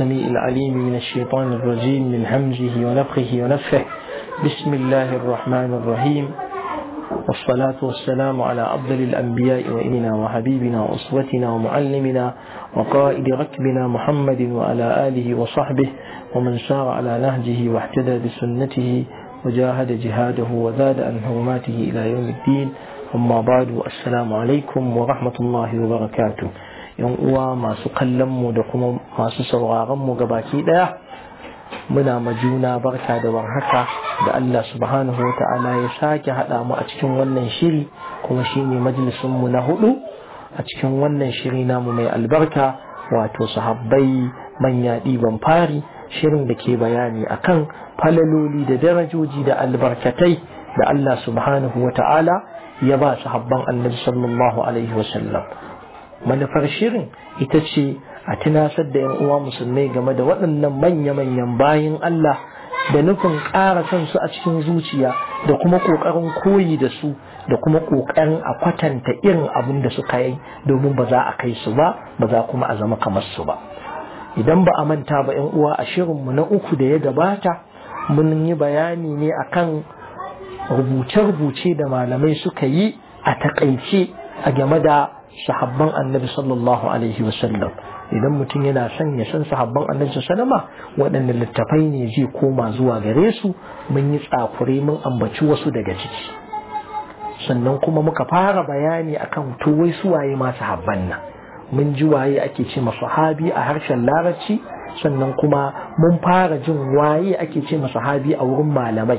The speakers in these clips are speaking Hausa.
السميع العليم من الشيطان الرجيم من همزه ونفخه ونفه بسم الله الرحمن الرحيم والصلاة والسلام على أفضل الأنبياء وإمنا وحبيبنا وأسوتنا ومعلمنا وقائد ركبنا محمد وعلى آله وصحبه ومن سار على نهجه واحتدى بسنته وجاهد جهاده وزاد عن حرماته إلى يوم الدين أما بعد السلام عليكم ورحمة الله وبركاته yan uwa masu kallon mu da kuma masu sauraron mu gabaki daya muna ma juna barka da warhaka da Allah subhanahu wa ta'ala ya sake hada mu a cikin wannan shiri kuma shine majalisin mu na hudu a cikin wannan shiri namu mai albarka wato sahabbai manya diban fari shirin da ke bayani akan falaloli da darajoji da albarkatai da Allah subhanahu wa ta'ala ya ba sahabban annabi sallallahu alaihi wasallam manufar shirin ita ce a tunasar da 'yan uwa musulmai game da waɗannan manya-manyan bayan Allah da nufin ƙara son su a cikin zuciya da kuma ƙoƙarin koyi da su da kuma ƙoƙarin a kwatanta irin abin da suka yi domin ba za a kai su ba ba za kuma a zama kamar su ba idan ba a manta ba 'yan uwa a shirinmu na uku da ya gabata mun yi bayani ne akan rubuce-rubuce da malamai suka yi a taƙaice a game da sahabban annabi sallallahu alaihi wasallam idan mutum yana son ya san sahabban annabi sallama waɗannan littafai ne zai koma zuwa gare su mun yi tsakure mun ambaci wasu daga ciki sannan kuma muka fara bayani akan to wai su waye ma sahabban nan mun ji waye ake ce ma sahabi a harshen larabci sannan kuma mun fara jin waye ake ce ma sahabi a wurin malamai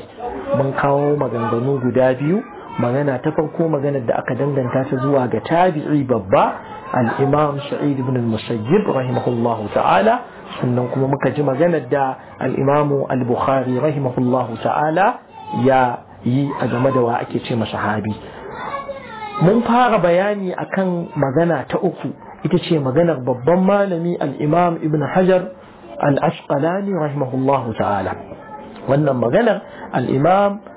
mun kawo maganganu guda biyu magana ta farko maganar da aka danganta ta zuwa ga tabi'i babba al-imam sa'id ibn al-musayyib rahimahullahu ta'ala sannan kuma muka ji maganar da al-imam al-bukhari rahimahullahu ta'ala ya yi a game da wa ake ce masa sahabi mun fara bayani akan magana ta uku ita ce maganar babban malami al-imam ibn hajar al-asqalani rahimahullahu ta'ala wannan maganar al-imam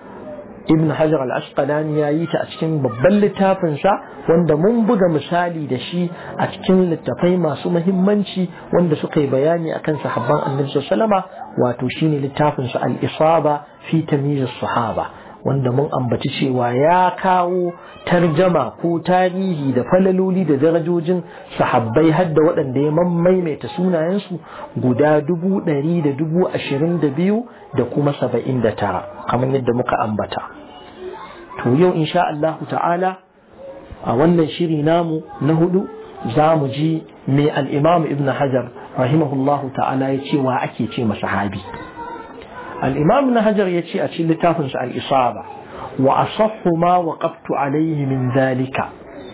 ibn hajar al-asqalani ya yi ta a cikin babban littafinsa wanda mun buga misali da shi a cikin littafai masu mahimmanci wanda suka yi bayani akan sahabban annabi sallama wato shine littafinsa al-isaba fi tamyiz sahaba wanda mun ambaci cewa ya kawo tarjama ko tarihi da falaloli da darajojin sahabbai har da waɗanda ya maimaita sunayensu guda dubu ɗari da dubu ashirin da biyu da kuma saba'in da tara kamar yadda muka ambata to yau insha Allah ta'ala a wannan shiri namu na hudu za mu ji me al'imamu ibn hajar rahimahullahu ta'ala ya ce wa ake ce masahabi الإمام ابن هجر يتي أتي لتافنس الإصابة وأصح ما وقفت عليه من ذلك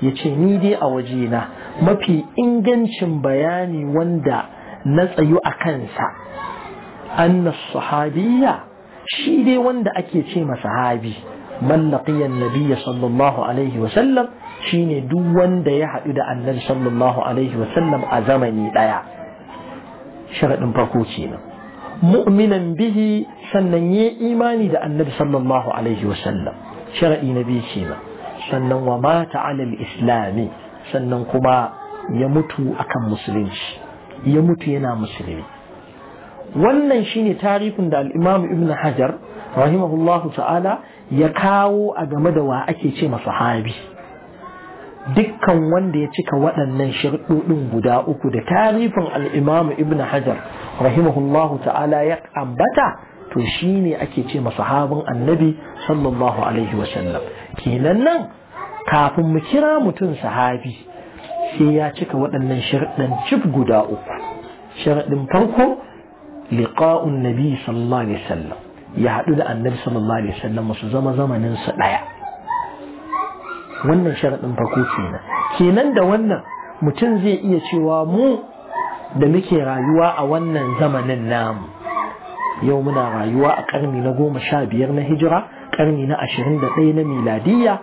يتي نيدي أوجينا ما في إنجنش بياني وندا نسأيو أكنسا أن الصحابية شيدي وندا أكي تيما صحابي من لقي النبي صلى الله عليه وسلم شيني دو وندا يحدد النبي صلى الله عليه وسلم أزمني دايا شرط بركوتينا مؤمنا به سنن إيماني ذا النبي صلى الله عليه وسلم شرعي نبي شيما سنن ومات على الإسلام سنن كما يمتو أكا مسلمش يموت ينا مسلمي wannan shine tarihin da الإمام ابن حجر رحمه الله تعالى يكاو kawo a game da wa dukkan wanda ya cika waɗannan shirɗoɗin guda uku da tarifin al’imam ibn hajar rahimahullahu ta'ala ya ƙambata to shi ne ake ce masahabin annabi sallallahu alaihi wasallam kenan nan kafin mu kira mutum sahabi sai ya cika waɗannan shirɗin cif guda uku shirɗin farko liqa'un nabi sallallahu alaihi wasallam ya haɗu da annabi sallallahu alaihi wasallam su zama zamanin su ɗaya wannan sharaɗin farko kenan kenan da wannan mutum zai iya cewa mu da muke rayuwa a wannan zamanin namu yau muna rayuwa a karni na goma sha biyar na hijira karni na ashirin da ɗaya na miladiyya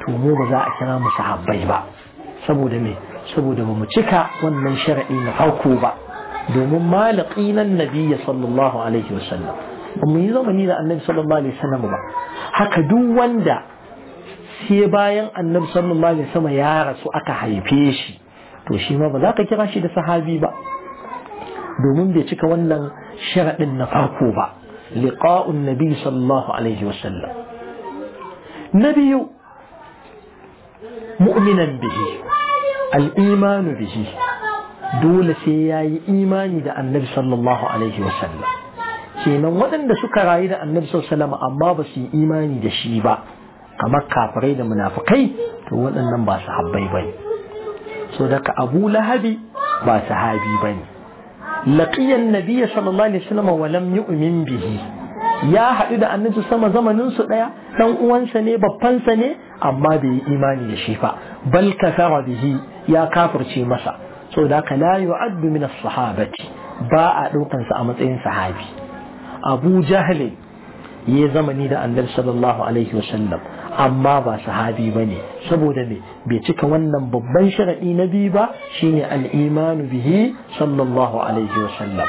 to mu ba za a kira mu sahabbai ba saboda me saboda ba mu cika wannan sharaɗi na farko ba domin malaki nan nabiya sallallahu alaihi wasallam ba mu yi zamani da annabi sallallahu alaihi wasallam ba haka duk wanda sai bayan annabi sallallahu alaihi wasallam ya rasu aka haife shi to shi ma ba za ka kira shi da sahabi ba domin bai cika wannan sharaɗin na farko ba liqa'un nabi sallallahu alaihi wasallam na mu'minan bihi imanu bihi dole sai yayi imani da annabi sallallahu alaihi wasallam kenan waɗanda suka rayu da annabi sallallahu alaihi wasallam amma ba su yi imani da shi ba kamar kafirai da munafikai to waɗannan ba sahabbai bane so daga Abu Lahabi ba sahabi bane laqiyan nabiyyi sallallahu alaihi wasallam wa lam yu'min bihi ya hadu da annabi sama zamanin su ɗaya ɗan uwansa ne babban sa ne amma bai imani da shi fa bal kafara bihi ya kafirce masa so da ka la yu'addu min as-sahabati ba a ɗaukan sa a matsayin sahabi Abu Jahl ya zamani da annabi sallallahu alaihi wasallam amma ba sahabi bane saboda me bai cika wannan babban sharadi na bi ba shine al al'imanu bihi sallallahu alaihi wa sallam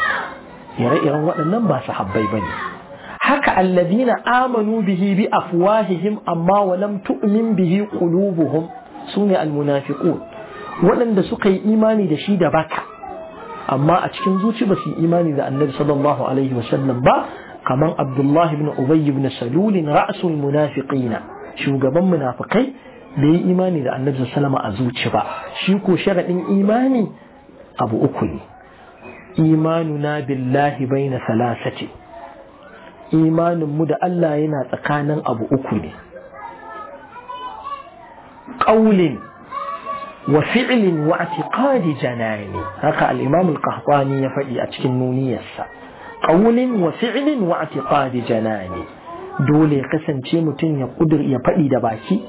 ire-iren waɗannan ba sahabbai bane haka alladina amanu bihi bi afwahihim amma wa lam tu'min bihi qulubuhum sune al-munafiqun waɗanda suka yi imani da shi da baka amma a cikin zuci ba su yi imani da annabi sallallahu alaihi wa sallam ba kaman abdullahi ibn ubay ibn salul ra'sul munafiqina shugaban munafikai da yi imani da annabi sallama a zuci ba shi ko sharadin imani abu uku ne imanuna billahi baina salasati imanin mu da Allah yana tsakanin abu uku ne qaulin wa fi'lin wa i'tiqadi janani haka al-imam al-qahtani ya faɗi a cikin nuniyarsa qaulin wa fi'lin wa i'tiqadi janani dole ya kasance mutum ya kudur ya fadi da baki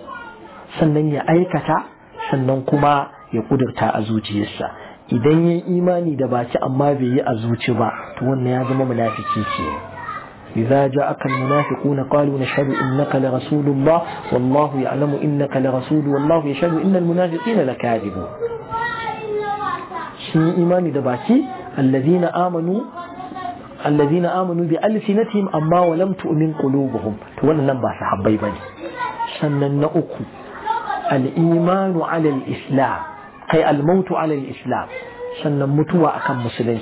sannan ya aikata sannan kuma ya kudurta a zuciyarsa idan ya imani da baki amma bai yi a zuci ba to wannan ya zama munafiki ke إذا جاءك المنافقون قالوا نشهد إنك لرسول الله والله يعلم إنك لرسول والله يشهد إن المنافقين لكاذبون شيء إيمان دباكي الذين آمنوا الذين آمنوا بألسنتهم أما ولم تؤمن قلوبهم تولى لم صحابي بني سنن أكو الإيمان على الإسلام أي الموت على الإسلام سنن متوى أكم مسلمين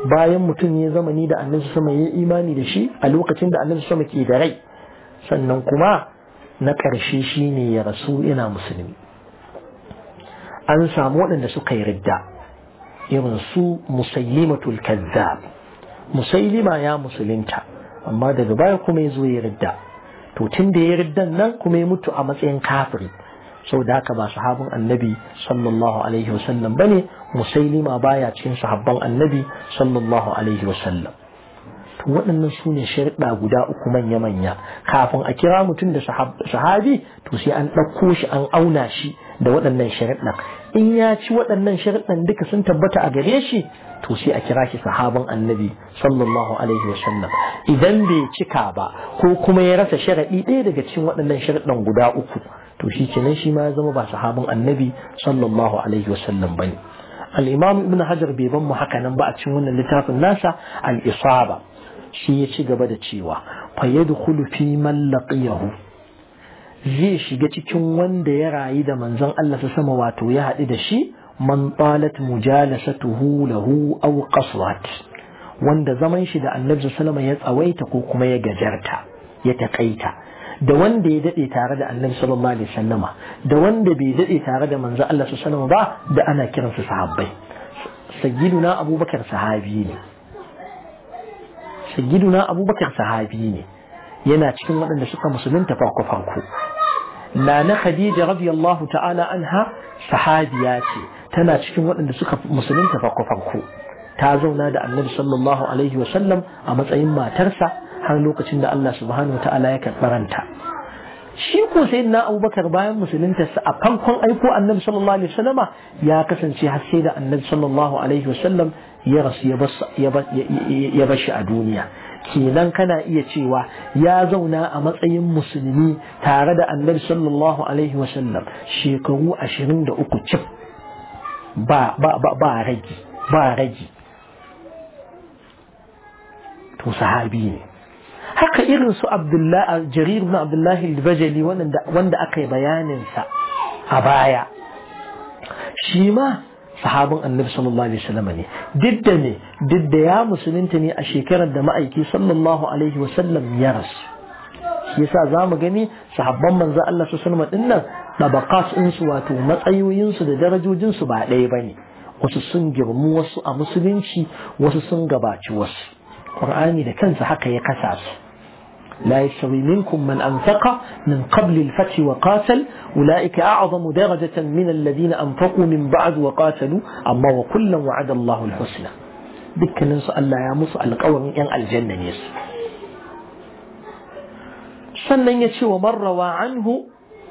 bayan mutum ya zama ni da annabi sama ya imani da shi a lokacin da annabi sama ke da rai sannan kuma na ƙarshe shine ya rasu ina musulmi an samu waɗanda suka yi ridda irin su musallimatul kazzab musailima ya musulunta amma daga baya kuma ya zo ya ridda to tun da ya riddan nan kuma ya mutu a matsayin kafiri saboda haka ba sahabin annabi sallallahu alaihi wasallam bane musailima baya cikin sahabban annabi sallallahu alaihi wasallam to waɗannan su ne sharɗa guda uku manya-manya kafin a kira mutum da sahabi to sai an ɗauko shi an auna shi da waɗannan sharɗan in ya ci waɗannan sharuɗan duka sun tabbata a gare shi to sai a kira shi sahaban annabi sallallahu alaihi wa sallam idan bai cika ba ko kuma ya rasa sharaɗi ɗaya daga cikin waɗannan sharuɗan guda uku to shi kenan shi ma ya zama ba sahaban annabi sallallahu alaihi wa sallam bane al-imam ibn hajar bai ban mu haka nan ba a cikin wannan littafin nasa al-isaba shi ya ci gaba da cewa fa yadkhulu fi man laqiyahu zai shiga cikin wanda ya rayu da manzon Allah ta sama wato ya haɗu da shi man talat mujalasatuhu lahu aw qasrat wanda zaman shi da Annabi sallallahu ya tsawaita ko kuma ya gajarta ya takaita da wanda ya dade tare da Annabi sallallahu alaihi wasallama da wanda bai dade tare da manzon Allah sallallahu alaihi wasallama ba da ana kiran su sahabbai sayyiduna abubakar sahabi ne sayyiduna abubakar sahabi ne yana cikin waɗanda suka musulunta farko farko نانا خديجة رضي الله تعالى عنها صحابياتي تنا تشكين وانا نسوك مسلم تفاقو فانكو تازو نادا النبي صلى الله عليه وسلم اما تأيما ترسى هنلوك تند الله سبحانه وتعالى يكب برانتا شيكو سيدنا أبو بكر باية مسلم تسا أقام كون أن النبي صلى الله عليه وسلم يا كسن شيها السيدة النبي صلى الله عليه وسلم يرس يبص يبص يبص يبص يبص يبص kenan kana iya cewa ya zauna a matsayin musulmi tare da annabi sallallahu alaihi wasallam shekaru 23 cif ba ba ba ba ragi ba ragi to sahabi ne haka irin su abdullahi jarir ibn abdullahi al-bajali wanda aka yi sa a baya shi ma sahabin annabi sallallahu alaihi wasallam ne duk da ne duk da ya musulunta ne a shekarar da ma'aiki sallallahu alaihi wasallam ya rasu shi yasa zamu gani sahabban manzo Allah sallallahu alaihi wasallam in insu wato matsayoyinsu da darajojinsu ba ɗaya bane wasu sun girmu wasu a musulunci wasu sun gabaci wasu Qur'ani da kansa haka ya kasa su لا يستوي منكم من أنفق من قبل الفتح وقاتل أولئك أعظم درجة من الذين أنفقوا من بعد وقاتلوا أما وكلا وعد الله الحسنى بك ننسى الله يا موسى ألقى ومن الجنة يس سنة يتشوى من وعنه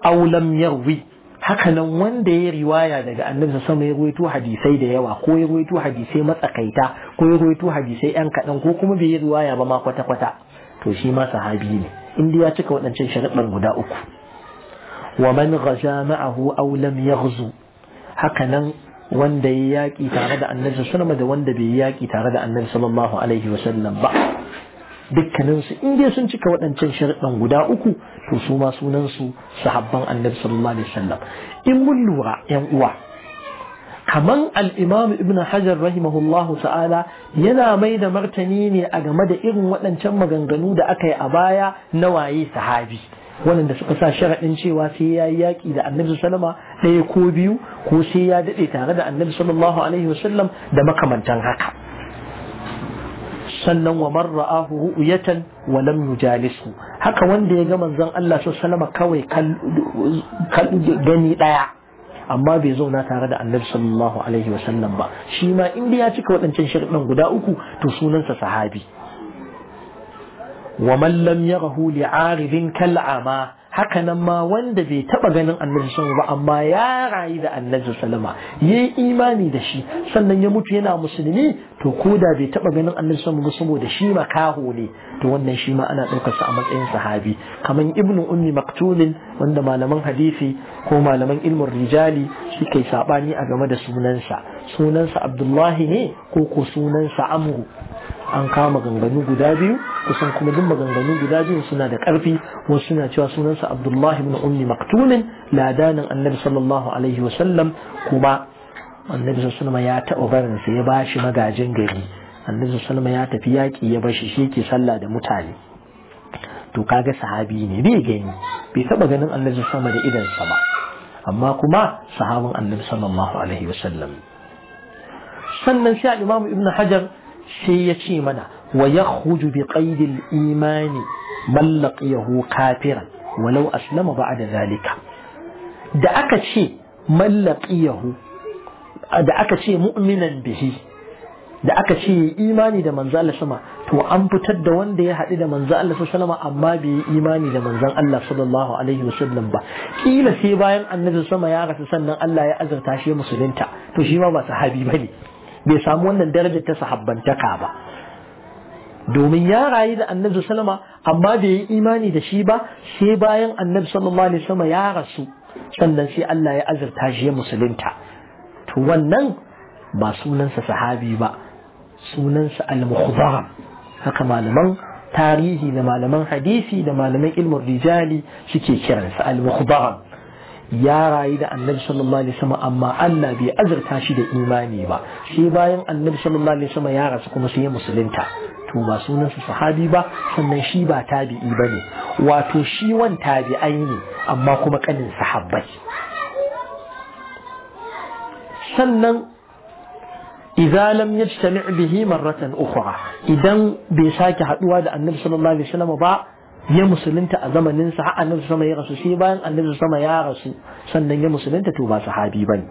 أو لم يروي هكذا وان دي رواية ده أن النبي صلى الله عليه وسلم حديثي ده يوا كو حديثي متأقيتا كو يغويتو حديثي أنك نقوكم بي رواية بما قوتا قوتا to shi ma sahabi ne inda ya cika waɗancan sharaɗin guda uku wa man ghaza ma'ahu aw lam yaghzu hakanan nan wanda ya yaƙi tare da annabi sallama da wanda bai yaƙi tare da annabi sallallahu alaihi wasallam ba dukkaninsu in dai sun cika waɗancan sharuɗan guda uku to su ma sunansu sahabban annabi sallallahu alaihi wasallam in mun lura yan uwa kaman al'imam ibn hajar rahimahullahu ta'ala yana mai da martani ne a game da irin waɗancan maganganu da aka yi a baya na waye sahabi waɗanda suka sa sharaɗin cewa sai ya yi yaƙi da annabi sallama ɗaya ko biyu ko sai ya daɗe tare da annabi sallallahu alaihi wasallam da makamantan haka sannan wa man ra'ahu ru'yatan wa lam yujalisu haka wanda ya ga manzon Allah sallallahu alaihi wasallam kawai gani ɗaya أما بيزونا تارد أن النبي صلى الله عليه وسلم با شيما إن بياتك وتنشن شرط من غدا تسونا صحابي ومن لم يره لعارف كالعمى haka nan ma wanda bai taba ganin annabi sallallahu ba amma ya rayu da annabi sallama yayi imani da shi sannan ya mutu yana musulmi to ko da bai taba ganin annabi sallallahu ba saboda shi makaho ne to wannan shi ma ana ɗaukar sa a matsayin sahabi Kamar ibnu ummi Maktulin wanda malaman hadisi ko malaman ilmin rijali suke sabani a game da sunansa sunansa abdullahi ne ko ko sunansa amru an kama ganganu guda biyu kusan kuma duk maganganu guda biyu suna da ƙarfi wasu suna cewa sunansa abdullahi bin ummi maktumin ladanin annabi sallallahu alaihi wasallam kuma annabi sallallahu alaihi ya taɓa barin sa ya bashi magajin gari annabi sallallahu ya tafi yaƙi ya bashi shi ke sallah da mutane to kaga sahabi ne bai gani bai taɓa ganin annabi sama da idan sa ba amma kuma sahabin annabi sallallahu alaihi wasallam sannan sai imamu ibnu hajar sai ya ce mana ويخرج بقيد الإيمان من لقيه كافرا ولو أسلم بعد ذلك دعك شيء من لقيه دعك شيء مؤمنا به da aka ce imani da manzo Allah sama to an fitar da wanda ya haɗu da manzo Allah sallallahu sallama amma bai yi imani da manzon Allah sallallahu alaihi wasallam ba kila sai bayan annabi sama ya rasu sannan Allah ya azurta shi musulunta to shi ma ba sahabi bane bai samu wannan darajar ta sahabbantaka ba domin ya rayu da annabi sallama amma bai yi imani da shi ba sai bayan annabi sallallahu alaihi wasallam ya rasu sannan sai Allah ya azurta shi ya musulunta to wannan ba sunansa sahabi ba sunansa al-mukhdaram haka malaman tarihi da malaman hadisi da malaman ilmin rijali suke sa al-mukhdaram ya rayu da annabi sallallahu alaihi wasallam amma Allah bai azurta shi da imani ba sai bayan annabi sallallahu alaihi wasallam ya rasu kuma sai ya musulunta to ba sunan su sahabi ba sannan shi ba tabi'i bane wato shi wan tabi'ai ne amma kuma kanin sahabbai sannan idza lam yajtami bihi marratan ukhra idan bai saki haduwa da annabi sallallahu alaihi wasallam ba ya musulunta a zamanin sa annabi sama ya rasu sai bayan annabi sama ya rasu sannan ya musulunta to ba sahabi bane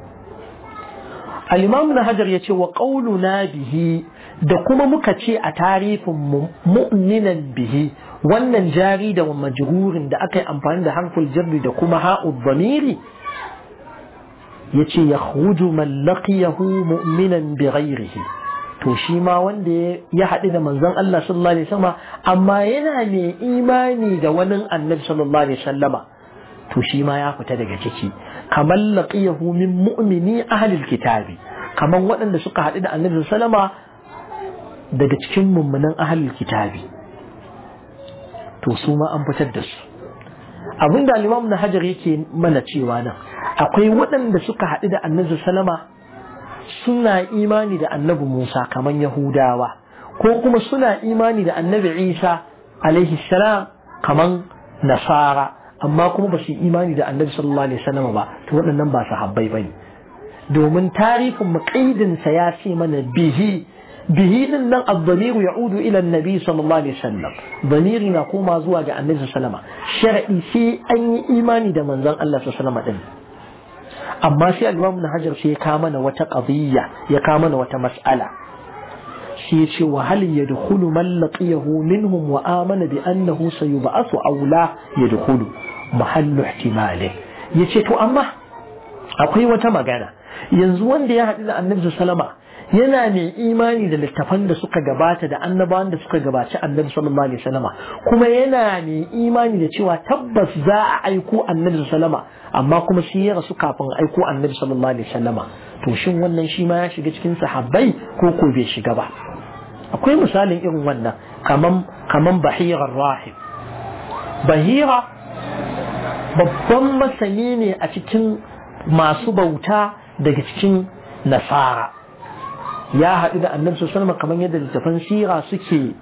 al-imam hajar yace wa qawluna bihi da kuma muka ce a tarifin mu'minan bihi wannan jari da majrurin da aka yi amfani da harful jarri da kuma ha'ud zamiri yace yakhruju man laqiyahu mu'minan bi to shi ma wanda ya haɗu da manzon Allah sallallahu alaihi wasallam amma yana mai imani da wani annabi sallallahu alaihi wasallam to shi ma ya fita daga ciki kamar laqiyahu min mu'mini ahlil kitabi kamar waɗanda suka haɗu da annabi sallallahu Alaihi wasallam daga cikin mummunan ahalin kitabi to su ma an fitar da su abin da alimam na hajar yake mana cewa nan akwai waɗanda suka haɗu da annabi salama suna imani da annabi musa kamar yahudawa ko kuma suna imani da annabi isa alaihi salam kamar nasara amma kuma ba su imani da annabi sallallahu alaihi wasallam ba to waɗannan ba ne. ne domin tarihin muqaidin ya ce mana bihi به nan الضمير يعود إلى النبي صلى الله عليه وسلم ضمير نقوم زوا عن النبي صلى الله عليه وسلم شرعي في أن إيمان دا من زن الله صلى الله عليه وسلم أما في أجوام ابن حجر سي كامنا وتقضية يكامن وتمسألة sai ce wa hal yadkhulu man laqiyahu minhum wa amana bi annahu sayub'asu aw la yadkhulu mahallu ihtimali yace yanzu wanda ya haɗu da annabi sallama yana mai imani da littafan da suka gabata da annabawan da suka gabaci annabi sallallahu alaihi wasallama kuma yana mai imani da cewa tabbas za a aiko annabi Salama. amma kuma shi ya rasu kafin aiko annabi sallallahu alaihi wasallama to shin wannan shi ma ya shiga cikin sahabbai ko ko bai shiga ba akwai misalin irin wannan kaman kaman bahirar rahib bahira babban masani ne a cikin masu bauta daga cikin nasara ya haɗu da annabi sallallahu kamar yadda littafan sira suke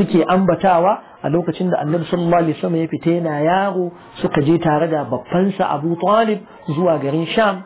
suke ambatawa a lokacin da annabi sallallahu alaihi wasallam ya fita yana yaro suka je tare da sa Abu Talib zuwa garin Sham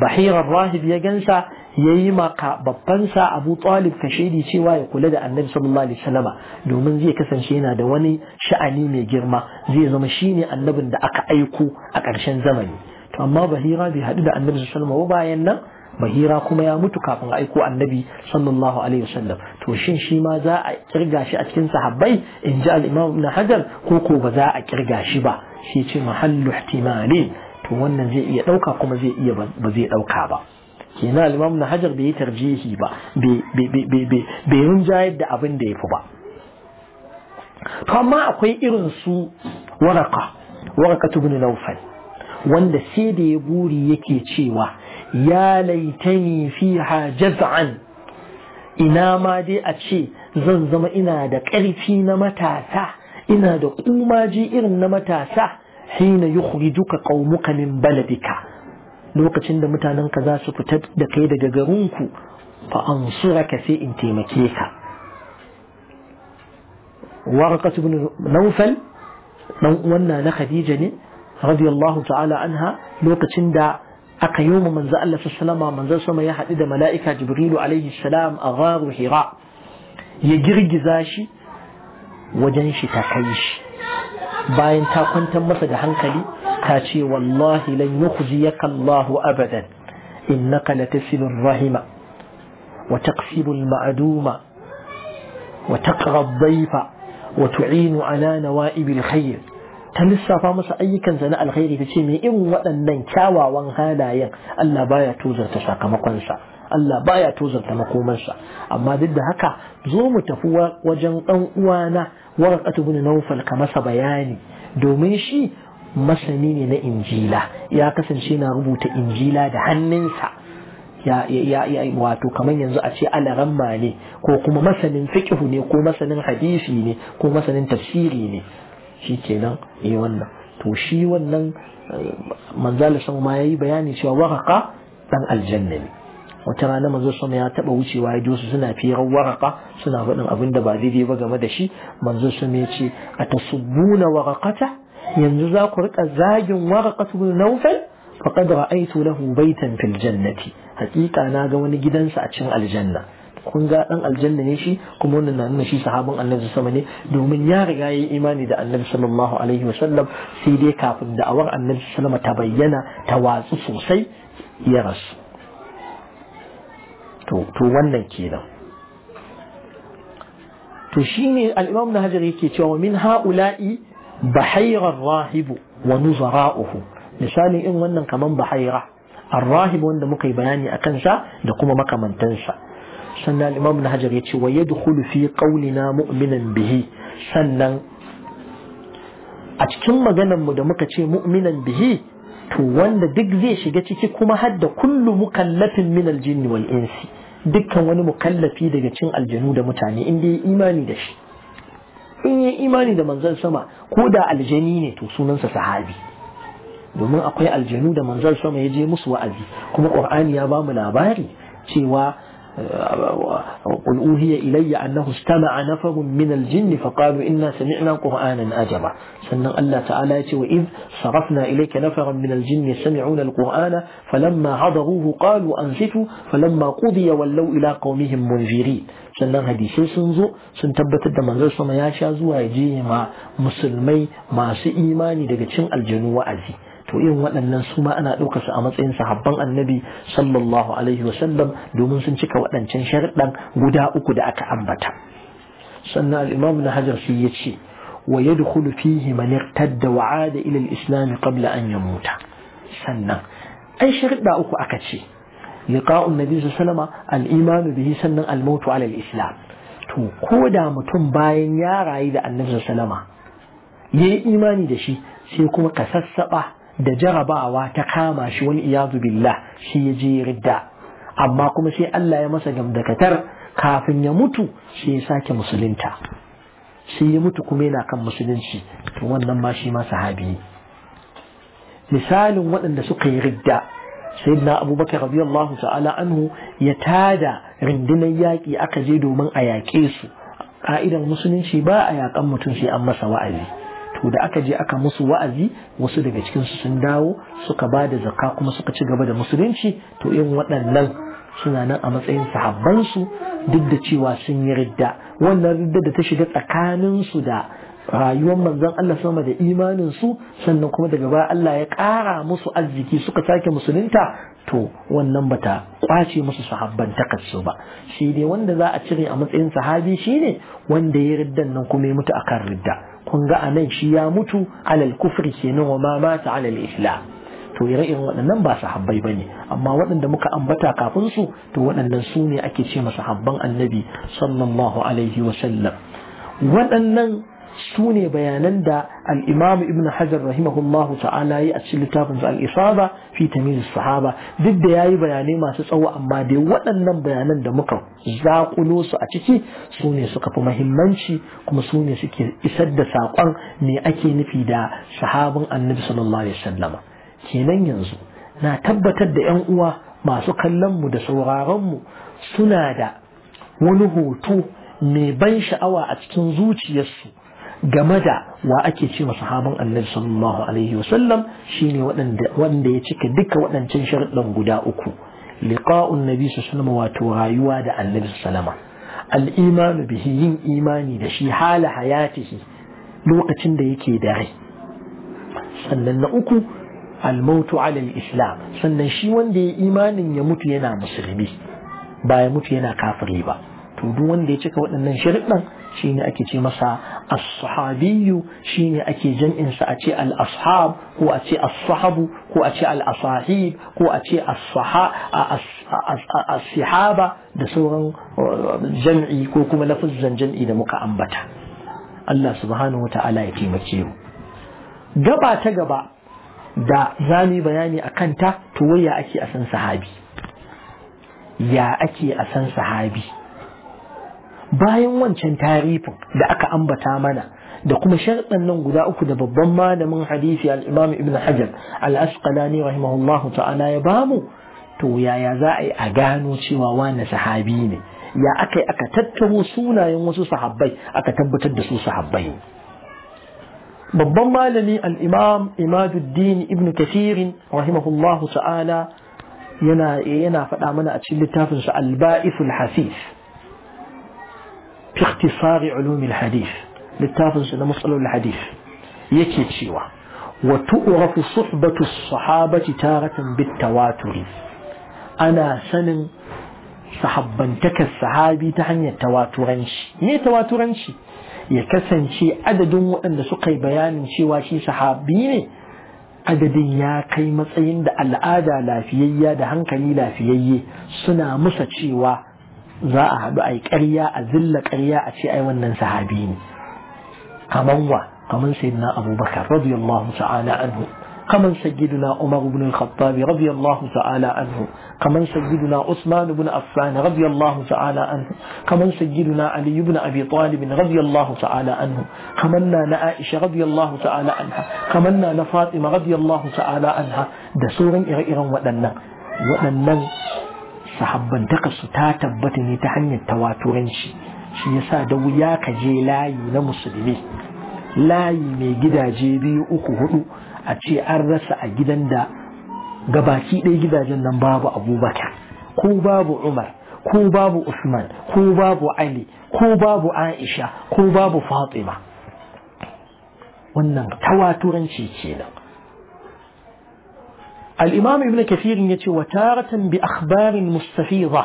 Bahira Rahib ya gansa yayi maka babbansa Abu Talib ka shaidi cewa ya kula da annabi sallallahu alaihi wasallama domin zai kasance yana da wani sha'ani mai girma zai zama shine annabin da aka aiko a ƙarshen zamani to amma bahira bai haɗu da annabi sallallahu alaihi wasallam bayan nan bahira kuma ya mutu kafin aiko annabi sallallahu alaihi wasallam to shin shi ma za a kirga shi a cikin sahabbai in ji al-imam ibn hajar ko ko ba za a kirga shi ba shi ce mahallu ihtimali to wannan zai iya dauka kuma zai iya ba zai dauka ba kenan al-imam ibn hajar bai tarjihi ba bai rinjayar da abin da ya fi ba to amma akwai irin su waraka waraka tubni naufal wanda sai da ya buri yake cewa ya laitani fiha jaz'an ina ma dai a ce zan zama ina da ƙarfi na matasa ina da kumaji irin na matasa hina yukhrijuka qaumuka min baladika lokacin da mutanen ka za su fita da kai daga garinku fa ansuraka sai in taimake ka warqat ibn nawfal dan wannan na khadija ne radiyallahu ta'ala anha lokacin da aka yi wa manzo Allah sallama manzo sama ya haɗu da mala'ika Jibrilu alaihi salam a gharu Hira ya girgiza shi wajen shi ta kai shi bayan ta kwantar masa da hankali ta ce wallahi lan yukhziyaka Allahu abadan innaka latasilur rahima wa taqsibul ma'duma wa taqra ad-dayfa wa tu'inu ala nawa'ibil khair ta lissafa masa ayyukansa na alkhairi ta ce mai irin waɗannan kyawawan halayen Allah baya tozarta sakamakonsa Allah baya tozarta makomarsa amma duk da haka zo mu tafi wajen ɗan uwana warqatu bin nawfal ka masa bayani domin shi masani ne na injila ya kasance na rubuta injila da hannunsa wato kamar yanzu a ce alaramma ne ko kuma masanin fikihu ne ko masanin hadisi ne ko masanin tafsiri ne shi kenan eh wannan to shi wannan manzala sama ma yayi bayani cewa waraka dan aljanna ne wata rana manzo sama ya taba wucewa ya su suna firar waraka suna faɗin abin da ba daidai ba game da shi manzo sama ya ce a tasubbuna warakata yanzu za ku rika zagin warakatu naufal faqad ra'aytu lahu baytan fil jannati haqiqa na ga wani gidansa a cikin aljanna kun ga dan aljanna ne shi kuma wannan na nuna shi sahabban annabi sama ne domin ya riga yayi imani da annabi sallallahu alaihi wasallam sai dai kafin da'awar annabi sallama ta bayyana ta watsu sosai ya rasu to to wannan kenan to shine al-imam na hajar yake cewa min ha'ula'i bahairar rahibu wa nuzara'uhu misalin in wannan kaman bahaira الراهب wanda muka yi bayani a kansa da kuma makamantansa سنة الإمام الحجر يتشي ويدخل في قولنا مؤمنا به سنة أتكلم مجانا مدمك تشي مؤمنا به توان دك زي شيء تشي كما حد كل مكلف من الجن والإنس دك وان مكلف يدك تشي الجنود متعني إندي إيماني دش إني إيماني دا منزل سما كودا الجنين توسونا سسحابي domin akwai aljanu da manzon sama ya je musu wa'azi kuma qur'ani ya bamu labari cewa قل أوهي إلي أنه استمع نفر من الجن فقالوا إنا سمعنا قرآنا أجبا سنة الله تعالى وإذ صرفنا إليك نفرا من الجن يسمعون القرآن فلما عضروه قالوا أنزفوا فلما قضي ولوا إلى قومهم منذرين sannan hadisai sun zo sun tabbatar da manzon sama ya sha zuwa ya je ma musulmai masu imani daga cin aljanu wa'azi to irin waɗannan su ma ana ɗauka su a matsayin sahabban annabi sallallahu alaihi wasallam domin sun cika waɗancan sharɗan guda uku da aka ambata sannan al-imam na hajar shi ya ce wa yadkhulu fihi man irtadda wa ada ila al-islam qabla an yamuta sannan ai sharɗa uku aka ce liqa'un nabi sallallahu alaihi wasallam al bihi sannan al-mautu ala al-islam to ko da mutum bayan ya rayu da annabi sallallahu alaihi wasallam yayi imani da shi sai kuma ka sassaba da jarabawa ta kama shi wani iyazu billah shi ya je ridda amma kuma sai Allah ya masa gamdakatar kafin ya mutu sai ya sake musulunta sai ya mutu kuma yana kan musulunci to wannan ma shi ma sahabi misalin waɗanda suka yi ridda sayyidina abubakar radiyallahu ta'ala anhu ya tada rindunan yaƙi aka je domin a yaƙe su ka'idar musulunci ba a yaƙan mutum sai an masa wa'azi to da aka je aka musu wa'azi wasu daga cikin su sun dawo suka ba da zakka kuma suka ci gaba da musulunci to irin waɗannan suna nan a matsayin sahabban su duk da cewa sun yi ridda wannan ridda da ta shiga tsakanin su da rayuwar manzon Allah sama da imanin su sannan kuma daga baya Allah ya ƙara musu arziki suka sake musulunta to wannan bata kwace musu sahabban takasso ba shi dai wanda za a cire a matsayin sahabi shine wanda ya riddan nan kuma ya mutu akan ridda kun ga anan shi ya mutu alal kufri kenan wa ma mata alal islam to ire-iren waɗannan ba sahabbai bane amma waɗanda muka ambata kafin su to waɗannan su ne ake ce masa habban annabi sallallahu alaihi wa sallam waɗannan سوني بيانن دا الإمام ابن حجر رحمه الله تعالى يأتي لتابة الإصابة في تمييز الصحابة ضد ياي بياني ما سسوى أما دي وأنن بيانن دا مكو زاقلو سأتكي سوني سقف مهمنشي كما سوني سكي إسد ساقان ني أكي نفي دا صحابة النبي صلى الله عليه وسلم كينن ينزو نا تبتا دا ينقوا ما سقل لم دا سوغارم سنادا ونهو تو ne ban sha'awa a cikin game da wa ake cewa sahaban annabi sallallahu alaihi wasallam shine wanda wanda ya cika duka waɗancan sharuɗan guda uku liqa'un nabi sallallahu alaihi wa rayuwa da annabi sallama al iman bihi yin imani da shi hala hayatihi lokacin da yake da rai sannan na uku al-mautu ala al-islam sannan shi wanda ya imanin ya mutu yana musulmi ba ya mutu yana kafiri ba to duk wanda ya cika waɗannan sharuɗan شين أكي شي مسا الصحابي شين أكي جن إنسا أتي الأصحاب هو أتي الصحب هو أتي الأصاحب هو أتي الصحا الصحابة دسوغا جمعي كوكما لفزا جن إذا مقا أنبتا الله سبحانه وتعالى يتي مكيو جبا تجبا دا زاني بياني أكنتا تويا أكي أسن صحابي يا أكي أسن صحابي bayan wancan tarifin da aka ambata mana da kuma sharɗan nan guda uku da babban malamin hadisi al-imam ibn hajar al-asqalani rahimahullahu ta'ala ya bamu to yaya za a yi a gano cewa wani sahabi ne ya aka aka tattaro sunayen wasu sahabbai aka tabbatar da su sahabbai babban malami al-imam imaduddin ibn kathir rahimahullahu ta'ala yana yana faɗa mana a cikin littafinsa al-ba'ithul Hasis في اختصار علوم الحديث للتافز أن مسألة الحديث يكتشوا وتؤرف صحبة الصحابة تارة بالتواتر أنا سن صحبا تك الصحابي تحن يتواترنش ما يتواترنش يكسن شي عدد وأن سقي بيان شي واشي صحابين عدد يا قيمة سيند الآدى لا فييا دهن كني لا فييا سنا مسا za a haɗu a yi ƙarya a zilla ƙarya a ce ai wannan sahabi ne kamar wa kamar sayyidina abubakar radiyallahu ta'ala anhu kamar sayyidina umar ibn al-khattab radiyallahu ta'ala anhu kamar sayyidina usman ibn affan radiyallahu ta'ala anhu kamar sayyidina ali ibn abi talib radiyallahu ta'ala anhu kamar na aisha radiyallahu ta'ala anha kamar na fatima radiyallahu ta'ala anha da sauran ire-iren waɗannan waɗannan sahabbantakarsu ta tabbata ne ta hanyar tawaturanci shi yasa da wuya ka je layi na musulmi layi mai gidaje biyu uku hudu a ce an rasa a gidan da ga baki ɗaya gidajen nan babu abubakar ko babu umar ko babu usman ko babu ali ko babu aisha ko babu fatima wannan tawaturanci kenan الإمام ابن كثير يتي وتارة بأخبار مستفيضة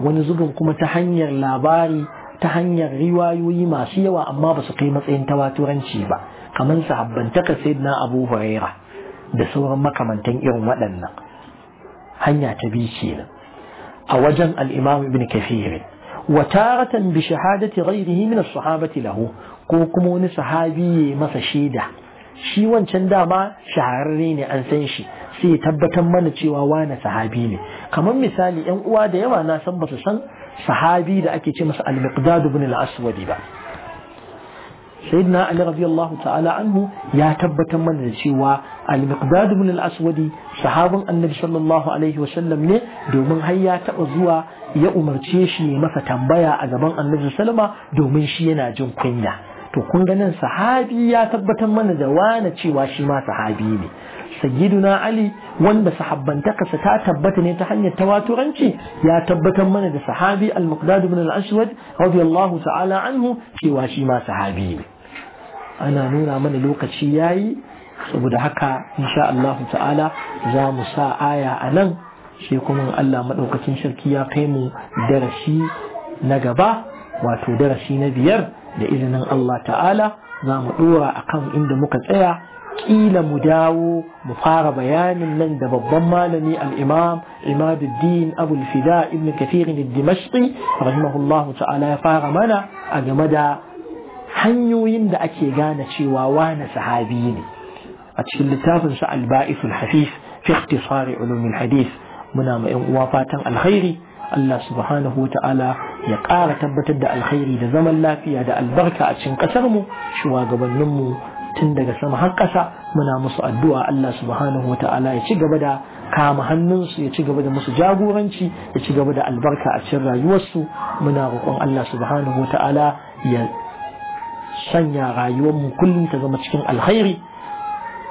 ونزبهم كما تحنير لاباري تحنير رواي ويما سيوا أما بس قيمة إن تواتورا شيبا كمن صحبا سيدنا أبو هريرة بسورة ما كمن تنئر ودن هنيا تبيشير أوجن الإمام ابن كثير وتارة بشهادة غيره من الصحابة له كوكم صحابي مسشيدة شيوان شندا ما شهرين أنسنشي sai tabbatar mana cewa wani sahabi ne kamar misali ɗan uwa da yawa na san basu san sahabi da ake ce masa al-miqdad ibn al-aswad ba sayyidina ali radiyallahu ta'ala anhu ya tabbatar mana da cewa al-miqdad ibn al-aswad sahabin annabi sallallahu alaihi wasallam ne domin har ya taba zuwa ya umarce shi masa tambaya a gaban annabi sallama domin shi yana jin kunya to kun ganin sahabi ya tabbatar mana da wani cewa shi ma sahabi ne sayyiduna ali wanda sahabbantaka sa ta tabbata ne ta hanyar tawaturanci ya tabbatar mana da sahabi al-muqdad ibn al-aswad radiyallahu ta'ala anhu cewa shi ma sahabi ne ana nuna mana lokaci yayi saboda haka insha Allah ta'ala za mu sa aya a nan sai kuma Allah madaukakin sarki ya kai mu darasi na gaba wato darasi na biyar da izinin Allah ta'ala za mu dora akan inda muka tsaya kila mu dawo mu fara bayanin nan da babban malami al-imam imaduddin abul fida ibn kathir al-dimashqi rahimahullahu ta'ala ya fara mana a game da hanyoyin da ake gane cewa wani sahabi ne a cikin littafin sa al-ba'ith al-hafif fi ikhtisari ulum al-hadith muna ma yan uwa fatan alkhairi Allah subhanahu wa ta'ala ya ƙara tabbatar da alkhairi da zaman lafiya da albarka a cikin ƙasarmu shugabanninmu tun daga sama har ƙasa muna musu addu'a Allah subhanahu wata'ala ya ci gaba da kama hannunsu ya ci gaba da musu jagoranci ya ci gaba da albarka a cikin rayuwarsu muna roƙon Allah subhanahu wata'ala ya sanya rayuwarmu kullum ta zama cikin alkhairi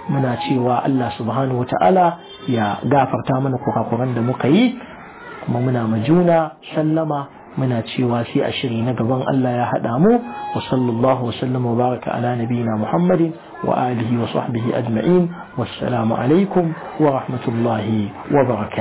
muna cewa Allah subhanahu wata'ala ya gafarta mana kurakuran da muka yi kuma muna majuna sallama منا تشيوا أشرين قبان ألا يحد أمو وصلى الله وسلم وبارك على نبينا محمد وآله وصحبه أجمعين والسلام عليكم ورحمة الله وبركاته